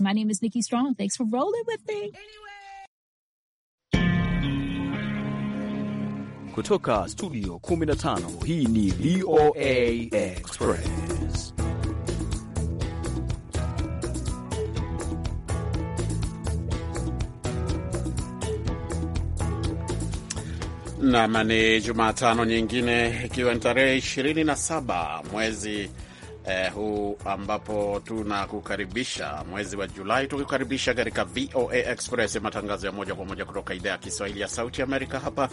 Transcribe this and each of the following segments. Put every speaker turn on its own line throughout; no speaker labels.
My name is Nikki Strong. Thanks for rolling with me.
Kutoka studio 15 hii ni VOA Express.
Nam, ni Jumatano nyingine ikiwa ni tarehe 27 mwezi eh, huu ambapo tunakukaribisha mwezi wa Julai tukikaribisha katika VOA Express, matangazo ya moja kwa moja kutoka idhaa ya Kiswahili ya Sauti Amerika. Hapa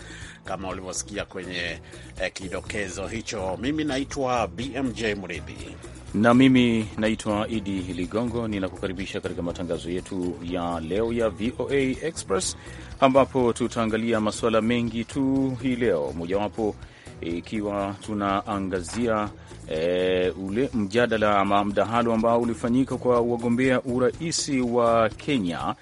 kama ulivyosikia kwenye eh, kidokezo hicho, mimi naitwa BMJ Mridhi
na mimi naitwa Idi Ligongo, ninakukaribisha katika matangazo yetu ya leo ya VOA Express ambapo tutaangalia masuala mengi tu hii leo, mojawapo ikiwa tunaangazia e, ule mjadala ama mdahalo ambao ulifanyika kwa wagombea urais wa Kenya.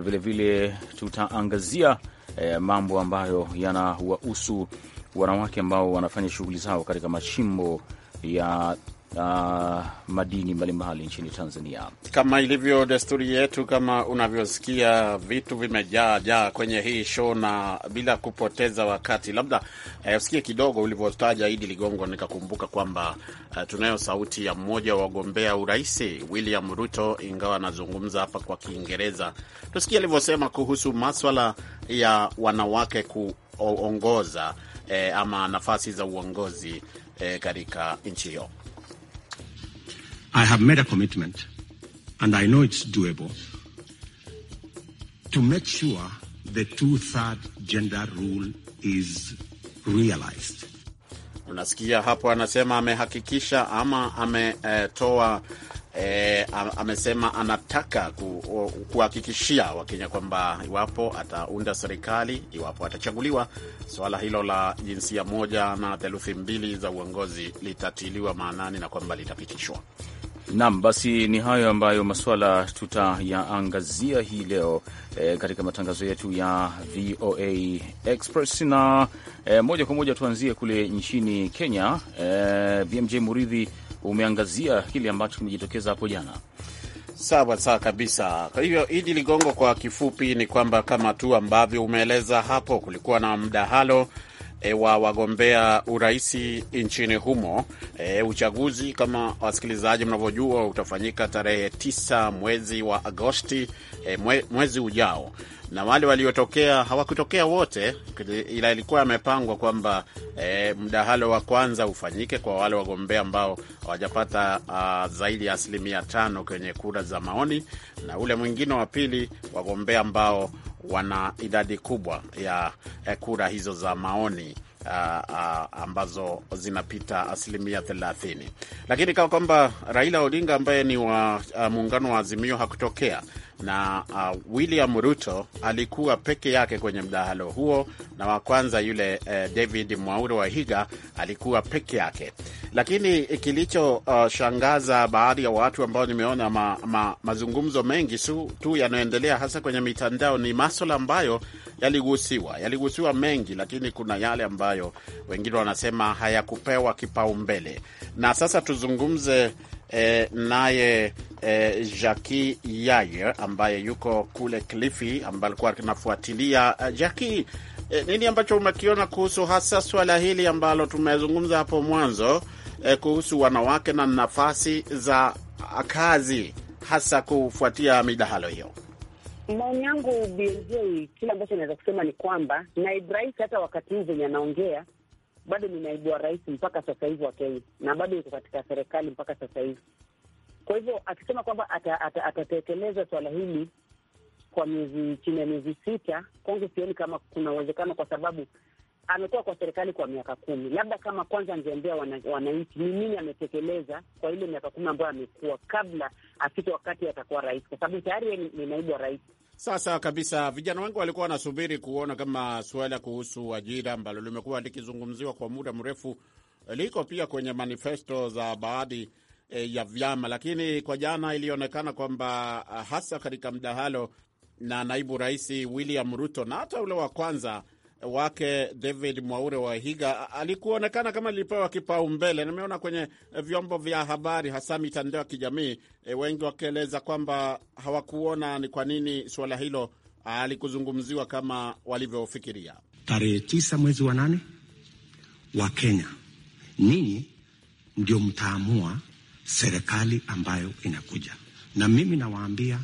Vilevile eh, vile tutaangazia e, mambo ambayo yanawahusu wanawake ambao wanafanya shughuli zao katika mashimbo ya uh, madini mbalimbali nchini Tanzania.
Kama ilivyo desturi yetu, kama unavyosikia vitu vimejaa jaa kwenye hii show, na bila kupoteza wakati, labda eh, usikie kidogo ulivyotaja Idi Ligongo, nikakumbuka kwamba eh, tunayo sauti ya mmoja wa wagombea uraisi William Ruto, ingawa anazungumza hapa kwa Kiingereza. Tusikie alivyosema kuhusu maswala ya wanawake kuongoza eh, ama nafasi za uongozi eh, katika
nchi hiyo. I have made a commitment, and I know it's doable, to make sure the two-third gender rule is realized.
Unasikia hapo anasema amehakikisha ama ametoa eh, E, eh, amesema anataka kuhakikishia Wakenya kwamba iwapo ataunda serikali, iwapo atachaguliwa, suala hilo la jinsia moja na theluthi mbili za uongozi litatiliwa maanani na kwamba litapitishwa.
Naam, basi ni hayo ambayo masuala tutayaangazia hii leo e, katika matangazo yetu ya VOA Express na e, moja kwa moja tuanzie kule nchini Kenya. E, eh,
BMJ Muridhi, umeangazia kile ambacho kimejitokeza hapo jana. Sawa sawa kabisa. Kwa hivyo Idi Ligongo, kwa kifupi ni kwamba kama tu ambavyo umeeleza hapo, kulikuwa na mdahalo e, wa wagombea uraisi nchini humo. E, uchaguzi kama wasikilizaji mnavyojua utafanyika tarehe tisa mwezi wa Agosti e, mwe, mwezi ujao, na wale waliotokea hawakutokea wote, ila ilikuwa yamepangwa kwamba e, mdahalo wa kwanza ufanyike kwa wale wagombea ambao hawajapata zaidi ya asilimia tano kwenye kura za maoni, na ule mwingine wa pili wagombea ambao wana idadi kubwa ya eh, kura hizo za maoni uh, uh, ambazo zinapita asilimia thelathini, lakini kama kwamba Raila Odinga ambaye ni wa uh, muungano wa Azimio hakutokea na uh, William Ruto alikuwa peke yake kwenye mdahalo huo, na wa kwanza yule uh, David Mwauro higa alikuwa peke yake. Lakini kilichoshangaza uh, baadhi ya watu ambao nimeona ma, ma, mazungumzo mengi su, tu yanayoendelea hasa kwenye mitandao ni maswala ambayo yaligusiwa, yaligusiwa mengi, lakini kuna yale ambayo wengine wanasema hayakupewa kipaumbele, na sasa tuzungumze eh, naye eh, Jaki Yaye ambaye yuko kule Kilifi, ambaye alikuwa anafuatilia. Eh, Jaki E, eh, nini ambacho umekiona kuhusu hasa swala hili ambalo tumezungumza hapo mwanzo e, kuhusu wanawake na nafasi za kazi hasa kufuatia midahalo hiyo?
Maoni yangu BJ, kile ambacho naweza kusema ni kwamba naibu rais hata wakati huu venye anaongea bado ni naibu wa rais mpaka sasa hivi wa Kenya, na bado yuko katika serikali mpaka sasa hivi. Kwa hivyo akisema kwamba atatekeleza ata, ata swala hili kwa miezi chini ya miezi sita, kwangu sioni kama kuna uwezekano, kwa sababu amekuwa kwa serikali kwa miaka kumi. Labda kama kwanza angeambia wananchi wana ni nini ametekeleza kwa ile miaka kumi ambayo amekuwa kabla afike wakati atakuwa rais, kwa sababu tayari ni naibu wa rais.
Sasa kabisa, vijana wengi walikuwa wanasubiri kuona kama suala kuhusu ajira ambalo limekuwa likizungumziwa kwa muda mrefu eh, liko pia kwenye manifesto za baadhi e, ya vyama, lakini kwa jana ilionekana kwamba eh, hasa katika mdahalo na naibu rais William Ruto na hata ule wa kwanza wake David Mwaure wa Higa alikuonekana kama lilipewa kipaumbele. Nimeona kwenye eh, vyombo vya habari, hasa mitandao ya kijamii, eh, wengi wakieleza kwamba hawakuona ni kwa nini suala hilo ah, alikuzungumziwa kama walivyofikiria.
Tarehe tisa mwezi wa nane wa Kenya, ninyi ndio mtaamua serikali ambayo inakuja, na mimi nawaambia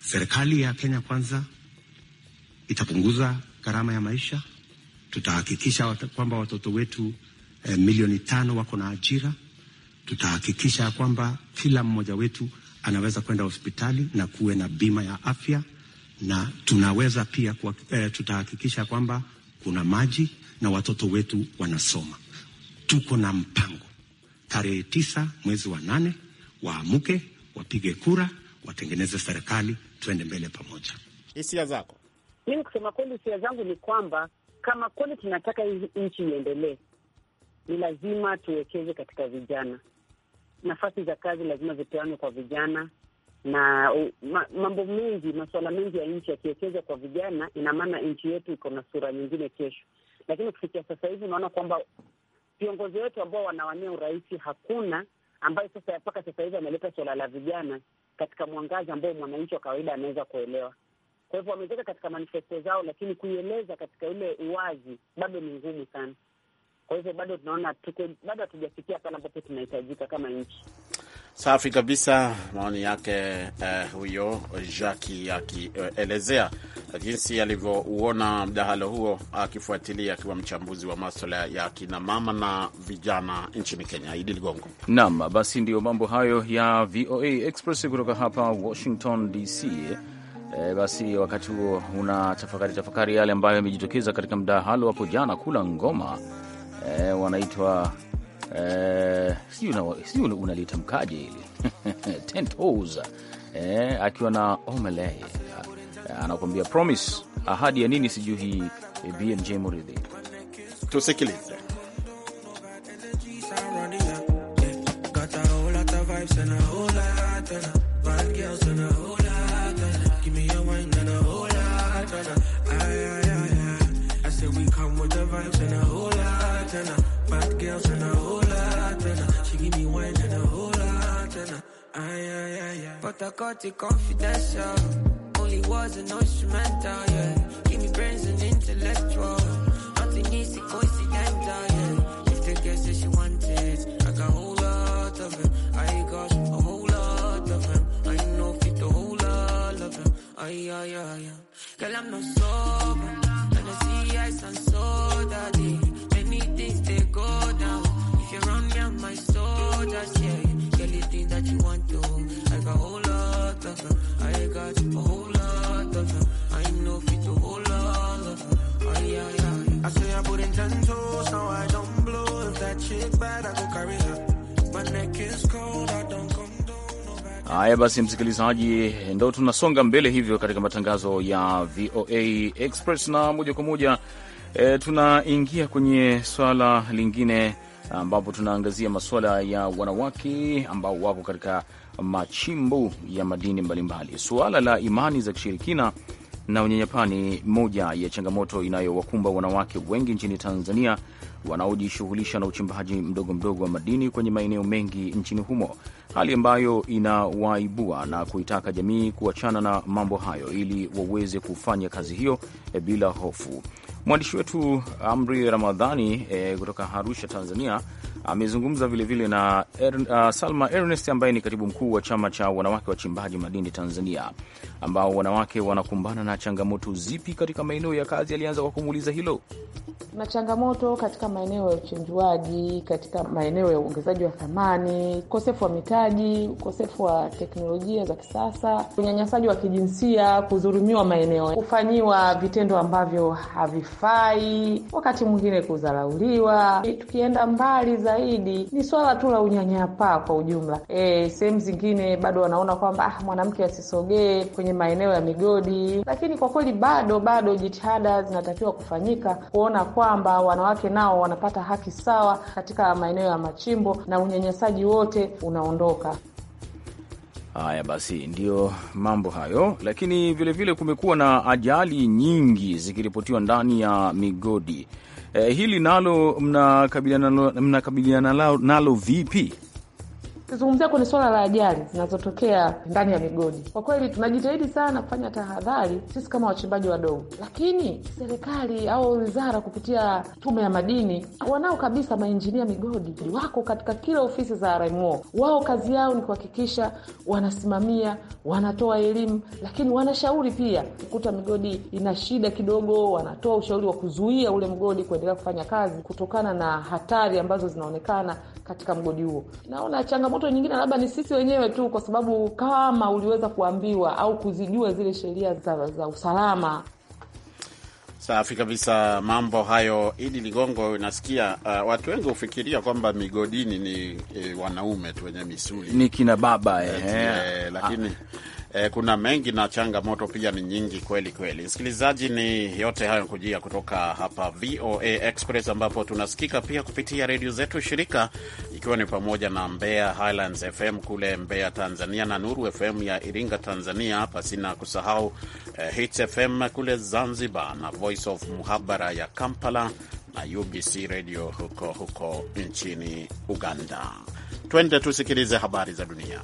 serikali ya Kenya kwanza itapunguza gharama ya maisha. Tutahakikisha kwamba watoto wetu eh, milioni tano wako na ajira. Tutahakikisha kwamba kila mmoja wetu anaweza kwenda hospitali na kuwe na bima ya afya, na tunaweza pia kwa, eh, tutahakikisha kwamba kuna maji na watoto wetu wanasoma. Tuko na mpango, tarehe tisa mwezi wa nane waamuke, wapige kura, watengeneze serikali, tuende mbele pamoja.
Hisia zako? Mimi kusema kweli, hisia zangu ni kwamba kama kweli tunataka hii nchi iendelee, ni lazima tuwekeze katika vijana. Nafasi za kazi lazima zipeanwe kwa vijana na ma, mambo mengi, masuala mengi ya nchi yakiwekezwa kwa vijana, ina maana nchi yetu iko na sura nyingine kesho. Lakini kufikia sasa hivi unaona kwamba viongozi wetu ambao wanawania urais hakuna ambayo sasa mpaka sasa hivi ameleta suala la vijana katika mwangazi ambao mwananchi wa kawaida anaweza kuelewa. Kwa hivyo wameziweka katika manifesto zao, lakini kuieleza katika ule uwazi bado ni ngumu sana. Kwa hivyo bado tunaona tuko bado hatujafikia pale ambapo tunahitajika kama nchi.
Safi kabisa, maoni yake eh, huyo Jaki akielezea eh, jinsi alivyouona mdahalo huo, akifuatilia akiwa mchambuzi wa maswala ya kina mama na vijana nchini Kenya. Idi Ligongo
nam. Basi ndiyo mambo hayo ya VOA Express kutoka hapa Washington DC. E, basi wakati huo una tafakari tafakari yale ambayo yamejitokeza katika mdahalo hapo jana kula ngoma e, wanaitwa e, sijui unalitamkaje hili tent house e, akiwa na Omele anakuambia promise, ahadi ya nini sijui. E,
BMJ Muridhi, tusikilize.
but I got it confidential. Only words and instrumental, yeah. Give me brains and intellectual. Nothing easy, coincidental, yeah. If the girl says she wants it, I got a whole lot of him. I got a whole lot of him. I know fit a whole lot of him. Ay, ay, ay, ay. Girl, I'm not sober. And I see ice and soda. say I put in ten toes, now I don't blow. If that shit bad, I go carry her. My neck is cold,
I don't come Haya basi, msikilizaji, ndo tunasonga mbele hivyo katika matangazo ya VOA Express na moja kwa moja e, tunaingia kwenye swala lingine ambapo tunaangazia masuala ya wanawake ambao wako katika machimbo ya madini mbalimbali. Suala la imani za kishirikina na unyanyapaa ni moja ya changamoto inayowakumba wanawake wengi nchini Tanzania wanaojishughulisha na uchimbaji mdogo mdogo wa madini kwenye maeneo mengi nchini humo, hali ambayo inawaibua na kuitaka jamii kuachana na mambo hayo ili waweze kufanya kazi hiyo eh, bila hofu. Mwandishi wetu Amri Ramadhani e, kutoka Arusha, Tanzania Amezungumza vilevile na er, uh, Salma Ernest ambaye ni katibu mkuu wa chama cha wanawake wachimbaji madini Tanzania, ambao wanawake wanakumbana na changamoto zipi katika maeneo ya kazi. Alianza kwa kumuuliza hilo.
Kuna changamoto katika maeneo ya uchenjuaji, katika maeneo ya uongezaji wa thamani, ukosefu wa mitaji, ukosefu wa teknolojia za kisasa, unyanyasaji wa kijinsia, kudhulumiwa maeneo, kufanyiwa vitendo ambavyo havifai, wakati mwingine kudharauliwa. Tukienda mbali za zaidi ni swala tu la unyanyapaa kwa ujumla. E, sehemu zingine bado wanaona kwamba ah, mwanamke asisogee kwenye maeneo ya migodi, lakini kwa kweli bado bado jitihada zinatakiwa kufanyika kuona kwamba wanawake nao wanapata haki sawa katika maeneo ya machimbo na unyanyasaji wote unaondoka.
Haya basi, ndiyo mambo hayo. Lakini vilevile kumekuwa na ajali nyingi zikiripotiwa ndani ya migodi eh, hili nalo mnakabiliana nalo, mna nalo vipi?
kizungumzia kwenye suala la ajali zinazotokea ndani ya migodi, kwa kweli tunajitahidi sana kufanya tahadhari sisi kama wachimbaji wadogo, lakini serikali au wizara kupitia tume ya madini wanao kabisa mainjinia migodi, wako katika kila ofisi za RMO. Wao kazi yao ni kuhakikisha wanasimamia, wanatoa elimu, lakini wanashauri pia. Kukuta migodi ina shida kidogo, wanatoa ushauri wa kuzuia ule mgodi kuendelea kufanya kazi kutokana na hatari ambazo zinaonekana katika mgodi huo. Naona changamoto nyingine labda ni sisi wenyewe tu, kwa sababu kama uliweza kuambiwa au kuzijua zile sheria za, za usalama.
Safi kabisa, mambo hayo. Idi Ligongo, nasikia uh, watu wengi hufikiria kwamba migodini ni e, wanaume tu wenye misuli, ni kina baba eh, eh, lakini ah eh, kuna mengi na changamoto pia ni nyingi kweli kweli. Msikilizaji, ni yote hayo kujia kutoka hapa VOA Express, ambapo tunasikika pia kupitia redio zetu shirika, ikiwa ni pamoja na Mbeya Highlands FM kule Mbeya Tanzania, na Nuru FM ya Iringa Tanzania, pasina kusahau eh, Hits FM kule Zanzibar, na Voice of Muhabara ya Kampala na UBC Radio huko huko nchini Uganda. Twende tusikilize habari za dunia.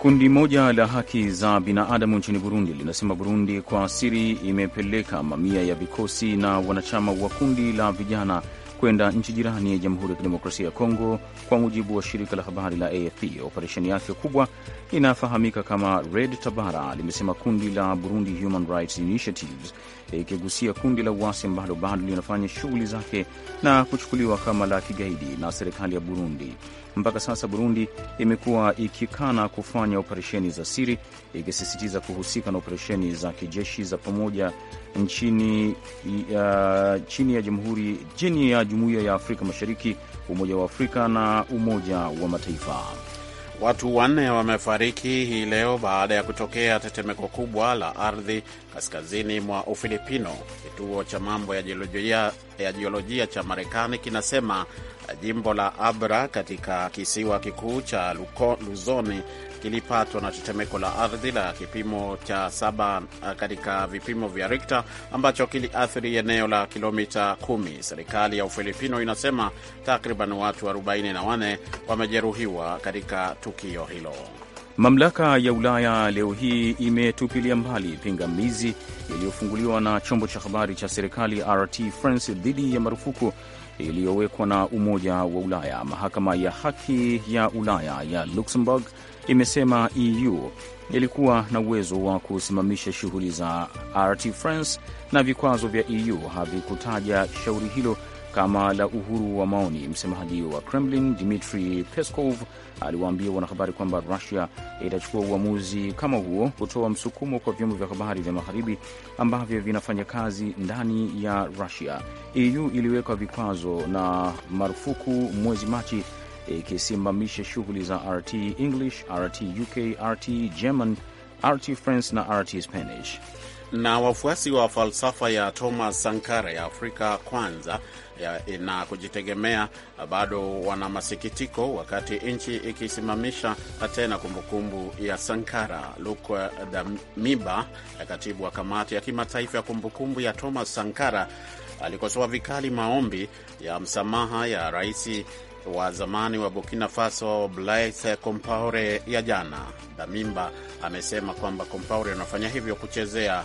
Kundi moja la haki za binadamu nchini Burundi linasema Burundi kwa siri imepeleka mamia ya vikosi na wanachama wa kundi la vijana kwenda nchi jirani ya Jamhuri ya Kidemokrasia ya Kongo. Kwa mujibu wa shirika la habari la AFP, operesheni yake kubwa inafahamika kama Red Tabara, limesema kundi la Burundi Human Rights Initiatives, ikigusia kundi la uasi ambalo bado linafanya shughuli zake na kuchukuliwa kama la kigaidi na serikali ya Burundi. Mpaka sasa Burundi imekuwa ikikana kufanya operesheni za siri, ikisisitiza kuhusika na operesheni za kijeshi za pamoja nchini uh, chini ya jamhuri chini ya jumuiya ya Afrika Mashariki, Umoja wa Afrika na Umoja wa Mataifa.
Watu wanne wamefariki hii leo baada ya kutokea tetemeko kubwa la ardhi kaskazini mwa Ufilipino. Kituo cha mambo ya jiolojia ya jiolojia cha Marekani kinasema eh, jimbo la Abra katika kisiwa kikuu cha Luzoni kilipatwa na tetemeko la ardhi la kipimo cha saba eh, katika vipimo vya rikta ambacho kiliathiri eneo la kilomita kumi. Serikali ya Ufilipino inasema takriban watu 44 wamejeruhiwa katika tukio hilo.
Mamlaka ya Ulaya leo hii imetupilia mbali pingamizi iliyofunguliwa na chombo cha habari cha serikali RT France dhidi ya marufuku iliyowekwa na Umoja wa Ulaya. Mahakama ya Haki ya Ulaya ya Luxembourg imesema EU ilikuwa na uwezo wa kusimamisha shughuli za RT France na vikwazo vya EU havikutaja shauri hilo kama la uhuru wa maoni. Msemaji wa Kremlin Dmitri Peskov aliwaambia wanahabari kwamba Rusia itachukua uamuzi kama huo kutoa msukumo kwa vyombo vya habari vya magharibi ambavyo vinafanya kazi ndani ya Rusia. EU iliweka vikwazo na marufuku mwezi Machi ikisimamisha shughuli za RT English, RT UK, RT German, RT France na RT Spanish.
Na wafuasi wa falsafa ya Thomas Sankara ya Afrika kwanza ya, na kujitegemea bado wana masikitiko wakati nchi ikisimamisha tena kumbukumbu ya Sankara. luk Damiba, katibu wa kamati ya kimataifa ya kumbukumbu ya Thomas Sankara, alikosoa vikali maombi ya msamaha ya rais wa zamani wa Burkina Faso Blaise Compaore ya jana. Damimba amesema kwamba Compaore anafanya hivyo kuchezea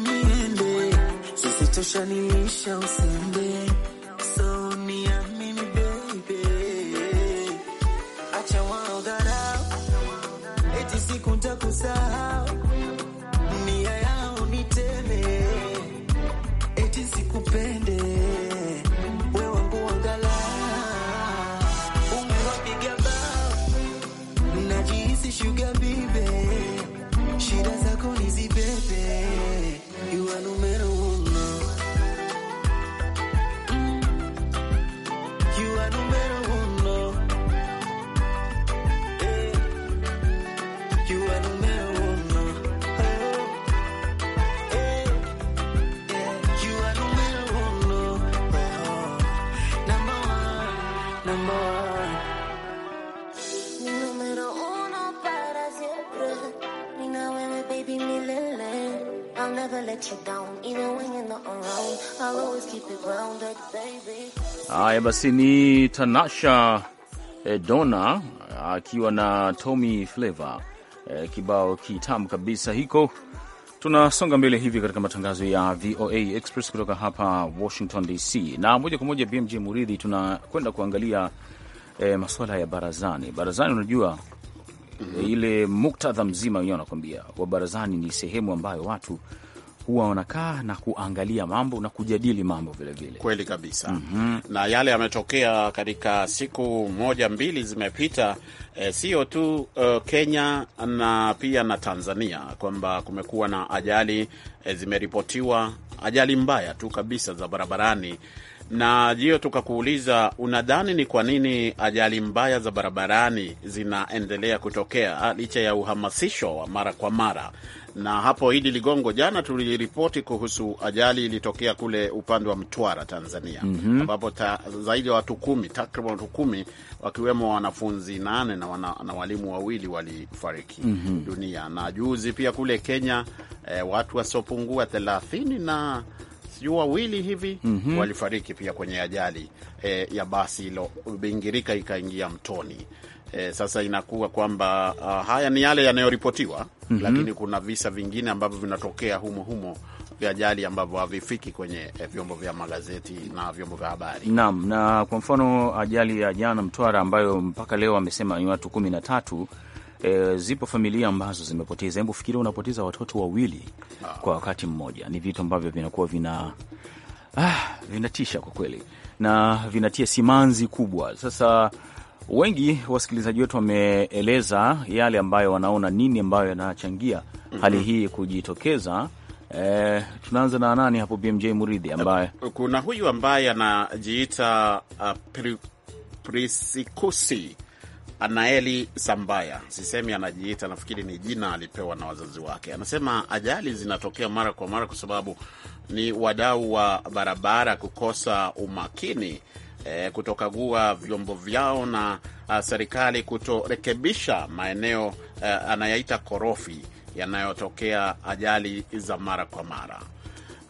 ushaniisha usende so niamini baby, acha wao dharau eti siku
Haya basi, ni Tanasha eh, Dona akiwa na Tommy Flavour, eh, kibao kitamu kabisa hiko. Tunasonga mbele hivi katika matangazo ya VOA Express kutoka hapa Washington DC, na moja kwa moja BMJ Muridhi, tunakwenda kuangalia e, eh, masuala ya barazani. Barazani unajua mm -hmm. ile muktadha mzima wenyewe anakuambia wa barazani ni sehemu ambayo watu huwa wanakaa na kuangalia mambo na kujadili mambo vilevile. Kweli kabisa. mm
-hmm. Na yale yametokea katika siku moja mbili zimepita, eh, sio e, tu e, Kenya na pia na Tanzania, kwamba kumekuwa na ajali e, zimeripotiwa ajali mbaya tu kabisa za barabarani na jio tukakuuliza, unadhani ni kwa nini ajali mbaya za barabarani zinaendelea kutokea ah, licha ya uhamasisho wa mara kwa mara? Na hapo Idi Ligongo, jana tuliripoti kuhusu ajali ilitokea kule upande wa Mtwara, Tanzania, mhm. ambapo mm -hmm. zaidi ya watu kumi, takriban watu kumi, wakiwemo wanafunzi nane na, wana, na walimu wawili walifariki mm -hmm. dunia. Na juzi pia kule Kenya eh, watu wasiopungua thelathini na sijuu wawili hivi mm -hmm. walifariki pia kwenye ajali eh, ya basi ilobingirika ikaingia mtoni. E, sasa inakuwa kwamba uh, haya ni yale yanayoripotiwa mm -hmm. Lakini kuna visa vingine ambavyo vinatokea humo humo vya ajali ambavyo havifiki kwenye eh, vyombo vya magazeti na vyombo vya habari.
Naam, na kwa mfano ajali ya jana Mtwara ambayo mpaka leo amesema ni watu kumi na tatu. E, zipo familia ambazo zimepoteza. Hebu fikiria unapoteza watoto wawili ah, kwa wakati mmoja. Ni vitu ambavyo vinakuwa vina ah, vinatisha kwa kweli na vinatia simanzi kubwa. Sasa wengi wasikilizaji wetu wameeleza yale ambayo wanaona nini ambayo yanachangia hali mm-hmm. hii kujitokeza. E, tunaanza na nani hapo, BMJ Muridhi, ambaye
kuna huyu ambaye anajiita uh, pri, Prisikusi Anaeli Sambaya, sisemi anajiita, nafikiri ni jina alipewa na wazazi wake. Anasema ajali zinatokea mara kwa mara kwa sababu ni wadau wa barabara kukosa umakini e, kutokagua vyombo vyao na a, serikali kutorekebisha maeneo e, anayaita korofi yanayotokea ajali za mara kwa mara.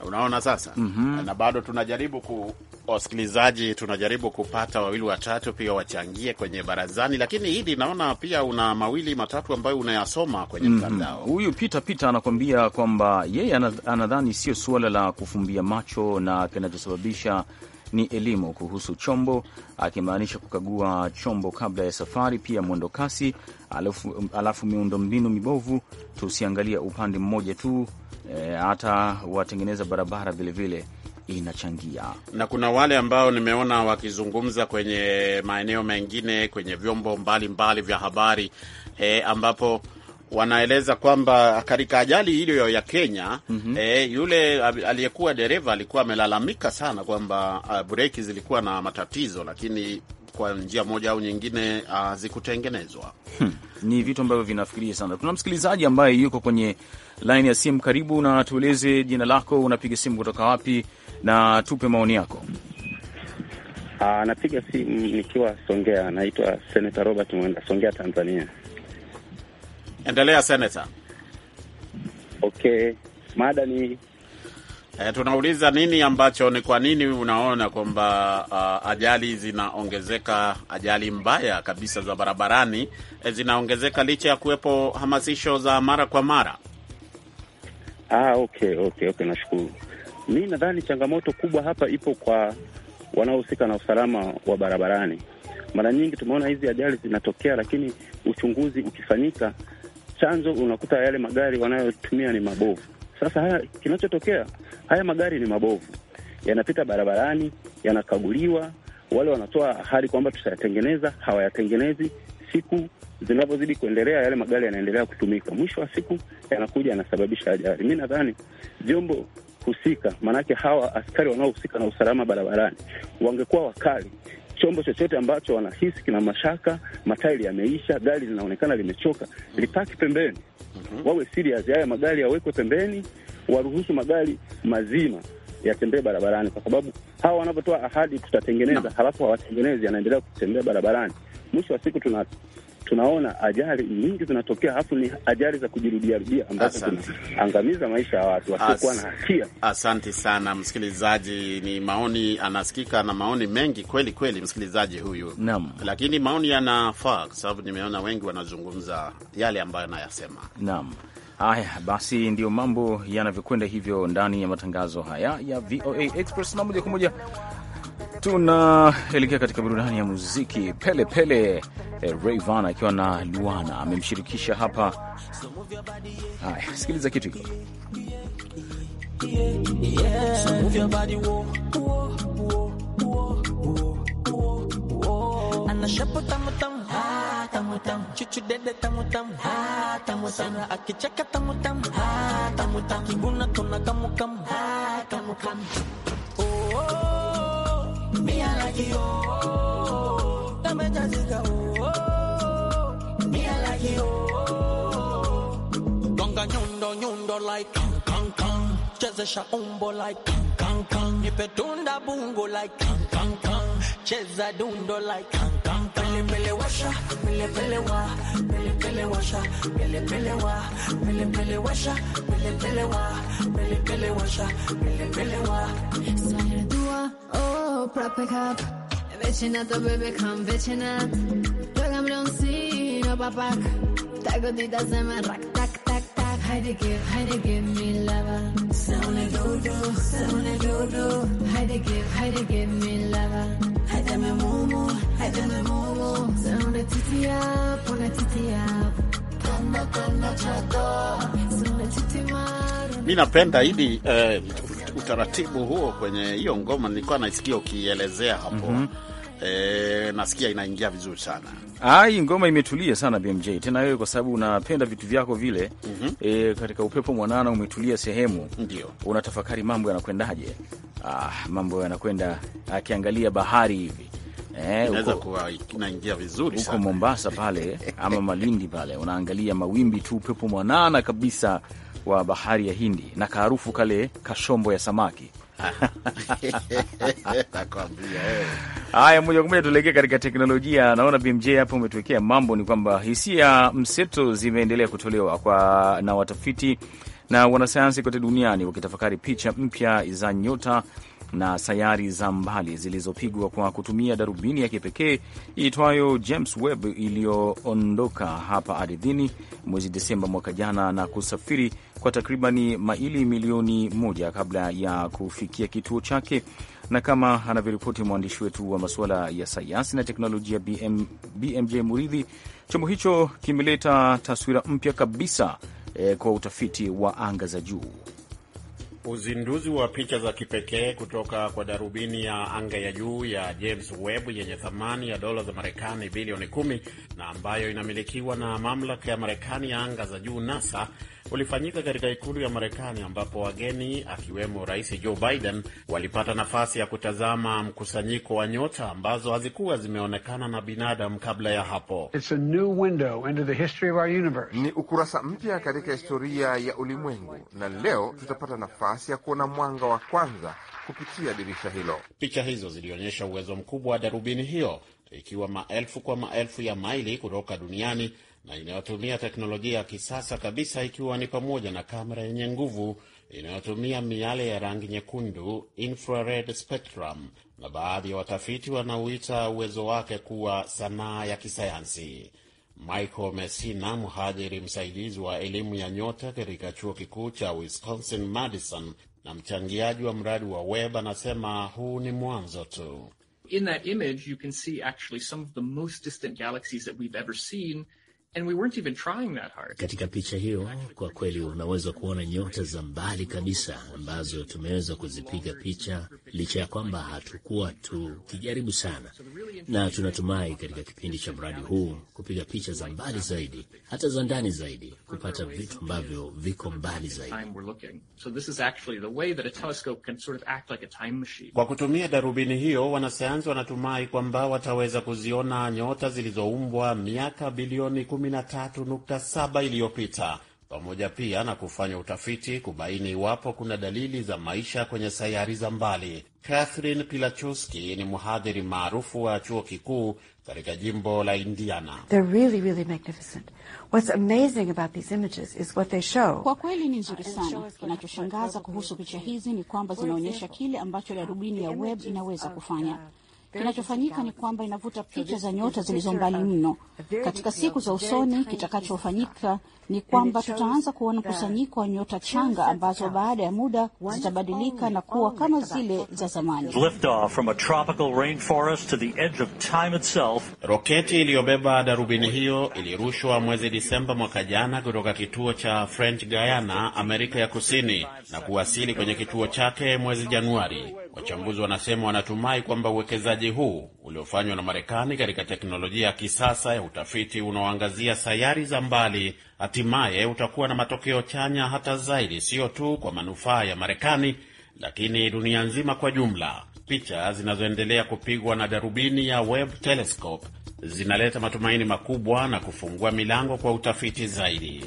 Unaona sasa mm -hmm. Na bado tunajaribu ku wasikilizaji tunajaribu kupata wawili watatu pia wachangie kwenye barazani, lakini hili naona pia una mawili matatu ambayo unayasoma kwenye mhm. mtandao mm -hmm.
Huyu Pita Pita anakuambia kwamba yeye anadhani sio suala la kufumbia macho na kinachosababisha ni elimu kuhusu chombo, akimaanisha kukagua chombo kabla ya safari, pia mwendo kasi, alafu, alafu miundombinu mibovu. Tusiangalia upande mmoja tu, e, hata e, watengeneza barabara vilevile inachangia
na kuna wale ambao nimeona wakizungumza kwenye maeneo mengine kwenye vyombo mbalimbali mbali vya habari e, ambapo wanaeleza kwamba katika ajali hilo ya Kenya mm -hmm. E, yule aliyekuwa dereva alikuwa amelalamika sana kwamba uh, breki zilikuwa na matatizo, lakini kwa njia moja au nyingine ah, hazikutengenezwa.
Uh, hmm.
Ni vitu ambavyo vinafikiria sana. Tuna msikilizaji ambaye yuko kwenye laini ya simu. Karibu na tueleze jina lako, unapiga simu kutoka wapi na tupe maoni yako.
anapiga ah, simu nikiwa Songea. anaitwa Seneta Robert Mwenda, Songea, Tanzania.
Endelea Senator. Okay, mada ni E, tunauliza nini ambacho ni kwa nini unaona kwamba uh, ajali zinaongezeka, ajali mbaya kabisa za barabarani e, zinaongezeka licha ya kuwepo hamasisho za mara kwa mara.
Ah, okay, okay, okay, nashukuru.
Mi nadhani changamoto
kubwa hapa ipo kwa wanaohusika na usalama wa barabarani. Mara nyingi tumeona hizi ajali zinatokea, lakini uchunguzi ukifanyika chanzo unakuta yale magari wanayotumia ni mabovu. Sasa haya, kinachotokea haya magari ni mabovu, yanapita barabarani, yanakaguliwa, wale wanatoa ahadi kwamba tutayatengeneza, hawayatengenezi. Siku zinavyozidi kuendelea, yale magari yanaendelea kutumika, mwisho wa siku yanakuja yanasababisha ajali. Mi nadhani vyombo husika, maanake hawa askari wanaohusika na usalama barabarani wangekuwa wakali, chombo chochote ambacho wanahisi kina mashaka, matairi yameisha, gari linaonekana limechoka, lipaki pembeni. mm Wawe serious, haya magari yawekwe pembeni, waruhusu magari mazima yatembee barabarani, kwa sababu hawa wanavyotoa ahadi tutatengeneza, halafu hawatengenezi, yanaendelea kutembea barabarani. Mwisho wa siku tuna tunaona ajali nyingi zinatokea, halafu ni ajali za kujirudiarudia ambazo zinaangamiza maisha ya watu wasiokuwa na
hatia. Asante sana msikilizaji, ni maoni anasikika na maoni mengi kweli kweli, msikilizaji huyu naam, lakini maoni yanafaa kwa sababu nimeona wengi wanazungumza yale ambayo anayasema.
Naam. Haya basi, ndiyo mambo yanavyokwenda hivyo ndani ya matangazo haya
ya VOA Express, na moja kwa moja
Tunaelekea katika burudani ya muziki. Pele Pele eh, Rayvanny akiwa na Luana amemshirikisha hapa. Haya, sikiliza kitu hiko
oh, oh.
Me oh, I
oh, oh, like Chezesha umbo like kang kang kang. Nipe tunda bungo like kang kang kang. Cheza dundo like kang kang kang. Pele pele washa, pele pele wa, pele pele washa, pele pele wa, pele pele washa, pele pele wa, pele pele washa, pele pele wa. no prop pick up. Bitchin' at the baby, come bitchin' at. Pégame un sino, papac. Te gotitas de me rack, tac, tac, tac. Heidi give, Heidi give me lava. Sound a dodo, sound a dodo. Heidi give, Heidi give me lava. Heidi me momo, Heidi me momo. Sound a up, pon a up. Panda, panda, chato. Sound a titty mar.
Mi napenda hili eh, utaratibu huo kwenye hiyo ngoma nilikuwa naisikia ukielezea hapo. mm -hmm. E, nasikia inaingia vizuri sana.
Ah, hii ngoma imetulia sana BMJ, tena wewe kwa sababu unapenda vitu vyako vile. mm -hmm. E, katika upepo mwanana umetulia sehemu, ndio unatafakari mambo yanakwendaje. Ah, mambo yanakwenda akiangalia bahari hivi e,
inaingia vizuri huko
Mombasa pale ama Malindi pale, unaangalia mawimbi tu, upepo mwanana kabisa wa bahari ya Hindi na kaarufu kale kashombo ya samaki.
Eh.
Haya, moja kwa moja tuelekee katika teknolojia. Naona BMJ hapo umetuwekea mambo, ni kwamba hisia mseto zimeendelea kutolewa kwa na watafiti na wanasayansi kote duniani wakitafakari picha mpya za nyota na sayari za mbali zilizopigwa kwa kutumia darubini ya kipekee iitwayo James Webb iliyoondoka hapa ardhini mwezi Desemba mwaka jana na kusafiri kwa takribani maili milioni moja kabla ya kufikia kituo chake. Na kama anavyoripoti mwandishi wetu wa masuala ya sayansi na teknolojia BM, BMJ Muridhi, chombo hicho kimeleta taswira mpya kabisa eh, kwa utafiti wa anga za juu.
Uzinduzi wa picha za kipekee kutoka kwa darubini ya anga ya juu ya James Webb yenye thamani ya dola za Marekani bilioni kumi na ambayo inamilikiwa na mamlaka ya Marekani ya anga za juu NASA ulifanyika katika ikulu ya Marekani ambapo wageni akiwemo Rais Joe Biden walipata nafasi ya kutazama mkusanyiko wa nyota ambazo hazikuwa zimeonekana na binadamu kabla ya hapo.
It's a new window into the history of our universe. Ni ukurasa mpya katika historia ya ulimwengu,
na leo tutapata nafasi ya kuona mwanga wa kwanza kupitia dirisha hilo. Picha hizo zilionyesha uwezo mkubwa wa darubini hiyo, ikiwa maelfu kwa maelfu ya maili kutoka duniani na inayotumia teknolojia ya kisasa kabisa ikiwa ni pamoja na kamera yenye nguvu inayotumia miale ya rangi nyekundu infrared spectrum, na baadhi ya watafiti wanauita uwezo wake kuwa sanaa ya kisayansi. Michael Messina, mhadhiri msaidizi wa elimu ya nyota katika chuo kikuu cha Wisconsin Madison na mchangiaji wa mradi wa web anasema huu ni mwanzo tu. In that image you can see actually some of the most distant galaxies that we've ever seen And we weren't even
trying that hard. Katika picha hiyo kwa kweli unaweza kuona nyota za mbali kabisa ambazo tumeweza kuzipiga picha licha ya kwamba hatukuwa tukijaribu sana, na tunatumai katika kipindi cha mradi huu kupiga picha za mbali zaidi, hata za ndani zaidi, kupata vitu ambavyo viko mbali zaidi.
Kwa kutumia darubini hiyo, wanasayansi wanatumai kwamba wataweza kuziona nyota zilizoumbwa miaka bilioni 13.7 iliyopita, pamoja pia na kufanya utafiti kubaini iwapo kuna dalili za maisha kwenye sayari za mbali. Catherine pilachowski ni mhadhiri maarufu wa chuo kikuu katika jimbo la Indiana.
Really, really kwa
kweli ni nzuri sana. Kinachoshangaza kuhusu picha hizi ni kwamba zinaonyesha kile ambacho darubini ya web inaweza kufanya. Kinachofanyika ni kwamba inavuta picha za nyota zilizo mbali mno. Katika siku za usoni, kitakachofanyika ni kwamba tutaanza kuona mkusanyiko wa nyota changa ambazo baada ya muda zitabadilika na kuwa kama zile za zamani.
Roketi iliyobeba darubini hiyo ilirushwa mwezi Disemba mwaka jana kutoka kituo cha French Guiana, Amerika ya Kusini, na kuwasili kwenye kituo chake mwezi Januari. Wachambuzi wanasema wanatumai kwamba uwekezaji huu uliofanywa na Marekani katika teknolojia ya kisasa ya utafiti unaoangazia sayari za mbali hatimaye utakuwa na matokeo chanya hata zaidi, sio tu kwa manufaa ya Marekani lakini dunia nzima kwa jumla. Picha zinazoendelea kupigwa na darubini ya Webb Telescope zinaleta matumaini makubwa na kufungua milango kwa utafiti zaidi.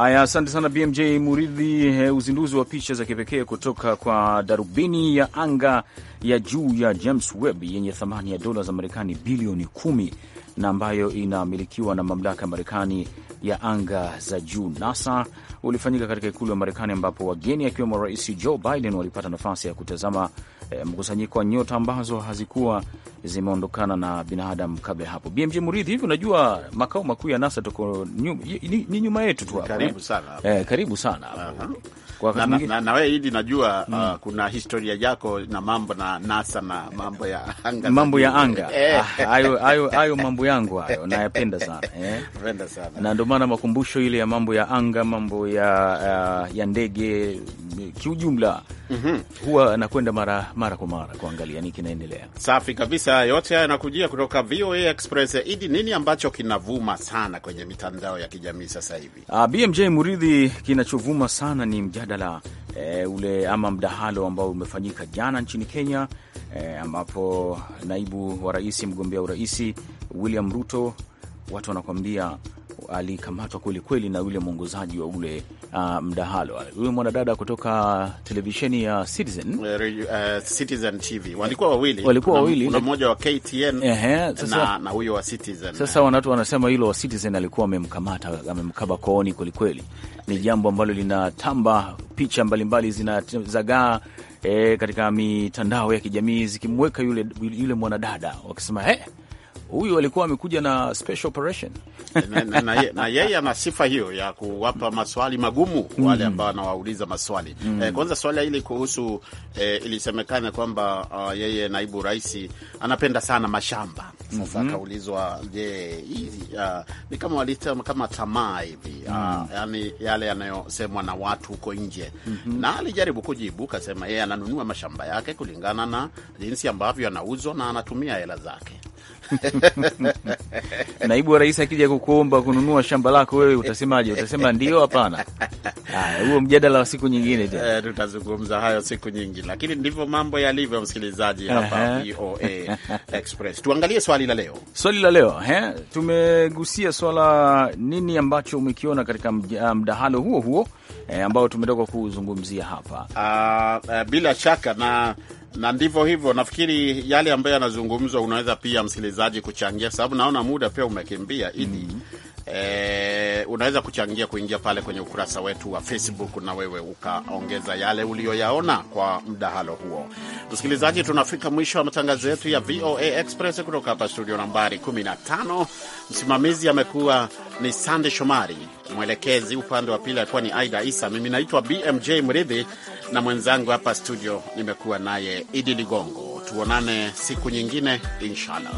Haya, asante sana BMJ Muridhi. Eh, uzinduzi wa picha za kipekee kutoka kwa darubini ya anga ya juu ya James Webb yenye thamani ya dola za Marekani bilioni kumi na ambayo inamilikiwa na mamlaka ya Marekani ya anga za juu NASA ulifanyika katika ikulu ya Marekani ambapo wageni akiwemo Rais Joe Biden walipata nafasi ya kutazama eh, mkusanyiko wa nyota ambazo hazikuwa zimeondokana na binadamu kabla ya hapo. BMJ Muridhi, hivi unajua makao makuu ya NASA tuko
ni nyuma yetu tu hapo, karibu sana, eh, karibu sana -huh na, na, na, na najua mm. uh, hmm. kuna historia yako na mambo na NASA na mambo ya anga, mambo ya anga eh. ah, hayo ah, hayo mambo yangu hayo nayapenda sana eh. Napenda sana
na ndio maana makumbusho ile ya mambo ya anga, mambo ya uh, ya ndege kiujumla mm -hmm. huwa anakwenda mara mara kwa mara kuangalia ni kinaendelea.
Safi kabisa, yote haya yanakujia kutoka VOA Express. Idi, nini ambacho kinavuma sana kwenye mitandao ya kijamii sasa hivi?
Uh, ah, BMJ Muridhi, kinachovuma sana ni mja mjadala e, ule ama mdahalo ambao umefanyika jana nchini Kenya e, ambapo naibu wa rais mgombea urais William Ruto watu wanakuambia alikamatwa kwelikweli na yule mwongozaji wa ule uh, mdahalo huyu mwanadada kutoka televisheni ya
Citizen, uh, Citizen TV. Walikuwa wawili, walikuwa wawili, kuna mmoja wa KTN sasa, na huyo wa Citizen. Sasa
wanasema hilo wa Citizen alikuwa amemkamata, amemkaba kooni kwelikweli. Ni jambo ambalo linatamba, picha mbalimbali zinazagaa e, katika mitandao ya kijamii zikimweka yule, yule mwanadada wakisema hey, huyu alikuwa amekuja na special operation na, na, na, yeye
ana sifa hiyo ya kuwapa maswali magumu wale ambao anawauliza maswali mm. Eh, kwanza swala hili kuhusu eh, ilisemekana kwamba uh, yeye naibu rais anapenda sana mashamba. Sasa mm-hmm. akaulizwa mm -hmm. Je, hii uh, ni kama walita kama tamaa hivi uh, mm. yani yale yanayosemwa na watu huko nje mm -hmm. na alijaribu kujibu kasema yeye ananunua mashamba yake kulingana na jinsi ambavyo anauzwa na anatumia hela zake.
naibu wa rais akija kukuomba kununua shamba
lako, wewe utasemaje? Utasema ndio, hapana? huo mjadala wa siku nyingine tena, eh, tutazungumza hayo siku nyingi, lakini ndivyo mambo yalivyo, msikilizaji. Hapa VOA Express tuangalie swali la leo.
Swali la leo he, tumegusia swala nini ambacho umekiona katika mdahalo huo huo e, ambao tumetoka kuzungumzia hapa.
Uh, uh, bila shaka na na ndivyo hivyo. Nafikiri yale ambayo yanazungumzwa, unaweza pia msikilizaji kuchangia, sababu naona muda pia umekimbia ili mm -hmm. E, unaweza kuchangia kuingia pale kwenye ukurasa wetu wa Facebook na wewe ukaongeza yale uliyoyaona kwa mdahalo huo. Msikilizaji, tunafika mwisho wa matangazo yetu ya VOA Express kutoka hapa studio nambari 15. Msimamizi amekuwa ni Sande Shomari, mwelekezi upande wa pili alikuwa ni Aida Isa. Mimi naitwa BMJ Mridhi na mwenzangu hapa studio nimekuwa naye Idi Ligongo. Tuonane siku nyingine inshallah.